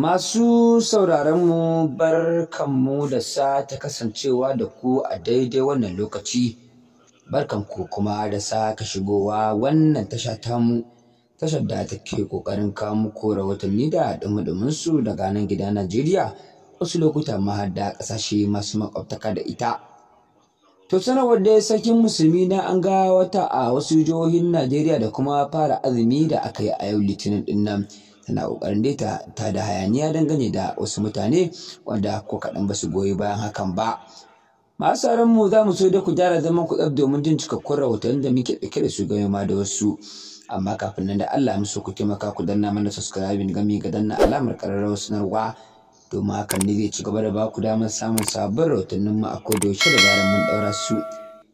Masu sauraronmu barkanmu da sata kasancewa da ku a daidai wannan lokaci, barkanku kuma da sake shigowa wannan tasha tamu, tashar da take ƙoƙarin kawo muku ni da ɗumuɗuminsu daga nan gida Najeriya, wasu lokuta ma da ƙasashe masu makwabtaka da ita. To sanarwar dai sarkin musulmi na an ga wata a wasu jihohin Najeriya da kuma fara azumi da aka yi a yau litinin ɗin nan. tana ƙoƙarin dai ta da hayaniya dangane da wasu mutane wanda ko kaɗan ba su goyi bayan hakan ba masu sauran mu za mu so da ku gyara zaman ku tsaf domin jin cikakkun rahoton da muke ɗauke da su game ma da wasu amma kafin nan da Allah musu ku taimaka ku danna mana subscribing game ga danna alamar ƙararrawar sanarwa domin hakan ne zai ci gaba da ba ku damar samun sabbin rahotannin mu a kodayaushe da zarar mun ɗaura su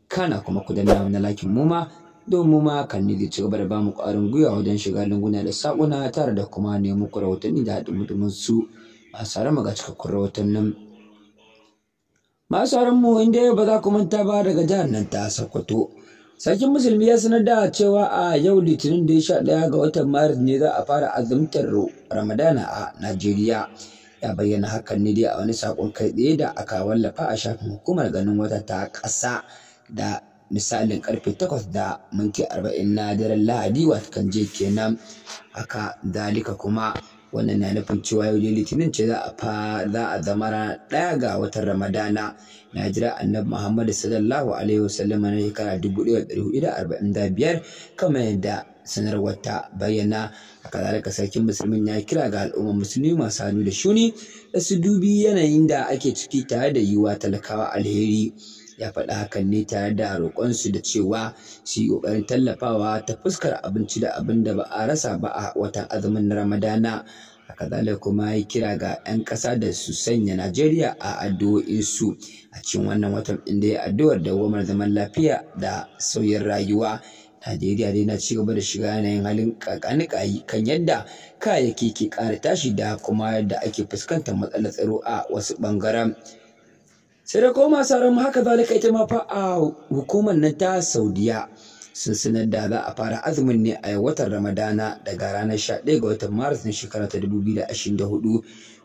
kana kuma ku danna mana lakin mu ma domin ma kan zai ci gaba da bamu ƙwarin gwiwa wajen shiga lunguna da saƙuna tare da kuma nemo ku rahotanni da haɗin mutumin su masu mu ga cikakkun nan Masu mu inda ba za ku manta ba daga jihar nan ta Sokoto. Sarkin Musulmi ya sanar da cewa a yau Litinin da ya sha ɗaya ga watan Maris ne za a fara azumtar Ramadana a Najeriya. Ya bayyana hakan ne dai a wani saƙon kai tsaye da aka wallafa a shafin hukumar ganin wata ta ƙasa da misalin karfe takwas da minti 40 na daren lahadi kan je kenan haka dalika kuma wannan na nufin cewa yau ne litinin ce za a fa za a zama rana ɗaya ga watan ramadana na jira annabi Muhammadu sallallahu alaihi wasallam na shekara dubu ɗaya da ɗari hudu da arba'in da biyar kamar yadda sanarwar ta bayyana a kazalika sarkin musulmin ya kira ga al'ummar musulmi masu hannu da shuni da su dubi yanayin da ake ciki tare da yiwuwa talakawa alheri ya faɗa hakan ne tare da roƙonsu da cewa su yi ƙoƙarin tallafawa ta fuskar abinci da abin da ba a rasa ba a watan azumin na ramadana haka kuma ya kira ga 'yan ƙasa da su sanya Najeriya a addu'o'insu a cikin wannan watan inda ya addu'ar dawwamar zaman lafiya da sauyin rayuwa Najeriya dai na ci gaba da shiga yanayin halin kakanikayi kan yadda kayayyaki ke ƙara tashi da kuma yadda ake fuskantar matsalar tsaro a wasu ɓangaren. sai da koma sauran haka zalika ita ma fa a hukumar nan ta saudiya sun sanar da za a fara azumin ne a watan ramadana daga ranar 11 ga watan maris na shekara ta 2024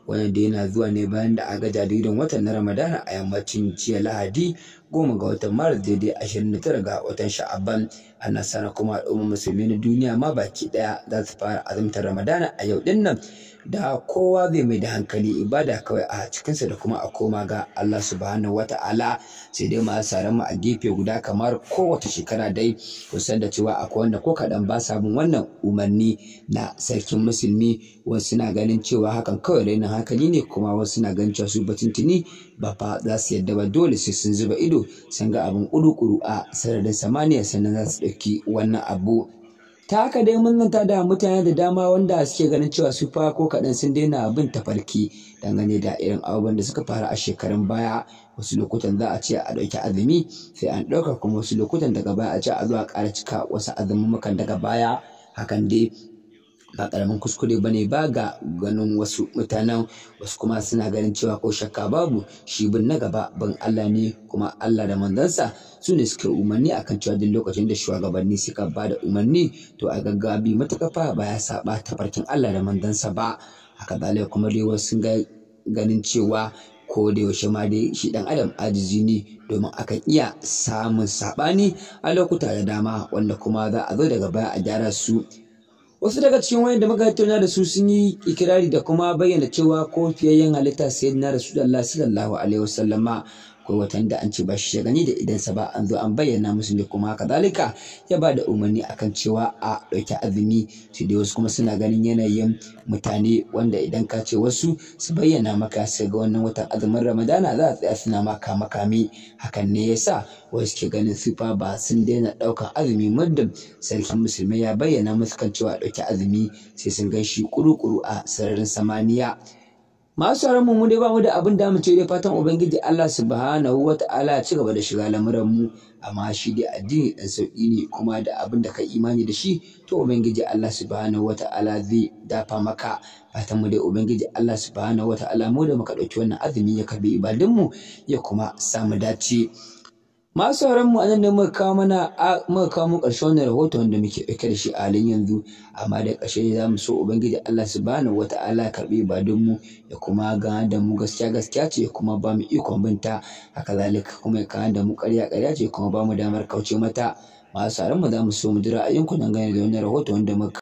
wannan dai yana zuwa ne bayan da aka jaririn watan na ramadana a yammacin jiya lahadi goma ga watan maris daidai ashirin da tara ga watan sha'aban a sana kuma al'ummar musulmi na duniya ma baki daya za su fara azumtar ramadana a yau din nan da kowa zai mai da hankali ibada kawai a cikinsa da kuma a koma ga Allah subhanahu wa ta'ala sai dai ma saran mu a gefe guda kamar kowace shekara dai kusan da cewa akwai wanda ko kaɗan ba bin wannan umarni na sarkin musulmi wasu suna ganin cewa hakan kawai raina haka ne kuma wasu na ganin cewa su batun ba fa za su yadda ba dole sai sun zuba ido sun ga abin kurukuru a sararin samaniya sannan za su ɗauki wannan abu ta haka dai mun da mutane da dama wanda suke ganin cewa su fa ko kaɗan sun daina bin tafarki dangane da irin abubuwan da suka faru a shekarun baya wasu lokutan za a ce a ɗauki azumi sai an ɗauka kuma wasu lokutan daga baya a ce a zo a ƙara cika wasu azumumukan daga baya hakan dai ba karamin kuskure ba ne ba ga ganin wasu mutanen wasu kuma suna ganin cewa ko shakka babu shi bin na gaba ban Allah ne kuma Allah da manzansa su ne suke umarni akan cewa duk lokacin da shugabanni suka ba da umarni to a gaggabi matakafa ba ya saba tafarkin Allah da manzansa ba haka zalai kuma dai wasu ganin cewa ko da yaushe ma dai shi dan adam ajizi ne domin aka iya samun saɓani a lokuta da dama wanda kuma za a zo daga baya a gyara su wasu daga cikin wayanda muka tattauna da su sun yi ikirari da kuma bayyana cewa ko fiyayyen halitta sayyidina rasulullah sallallahu alaihi wasallama akwai watan da an ce ba shi shagani da idan sa ba an zo an bayyana musu ne kuma haka zalika ya ba da umarni akan cewa a ɗauki azumi su dai wasu kuma suna ganin yanayin mutane wanda idan ka ce wasu su bayyana maka sai ga wannan watan azumin ramadana za a tsaya suna maka makami hakan ne ya sa, wasu ke ganin fa ba sun daina ɗaukar azumi muddin sarkin musulmai ya bayyana musu kan cewa a ɗauki azumi sai sun gan shi kuru-kuru a sararin samaniya masu mu mu dai ba mu da abin da mu ce dai fatan ubangiji Allah subhanahu wa ta'ala ci gaba da shiga lamuran mu amma shi dai addini dan sauki ne kuma da abin da ka imani da shi to ubangiji Allah subhanahu wa ta'ala zai dafa maka fatan mu dai ubangiji Allah subhanahu wa ta'ala mu da muka dauki wannan azumi ya karbi ibadun mu ya kuma samu dace masu sauran mu anan ne muka kawo mana mu ƙarshen wannan rahoton wanda muke ɗauke da shi a halin yanzu amma da ƙarshe ne zamu so ubangiji Allah subhanahu wata'ala ya karɓi don mu ya kuma ga da mu gaskiya gaskiya ce ya kuma ba mu ikon binta haka zalika kuma ya kawo da mu ƙarya ƙarya ce kuma ba mu damar kauce mata masu sauran mu zamu so mu jira ayyukan dangane da wannan rahoto wanda muka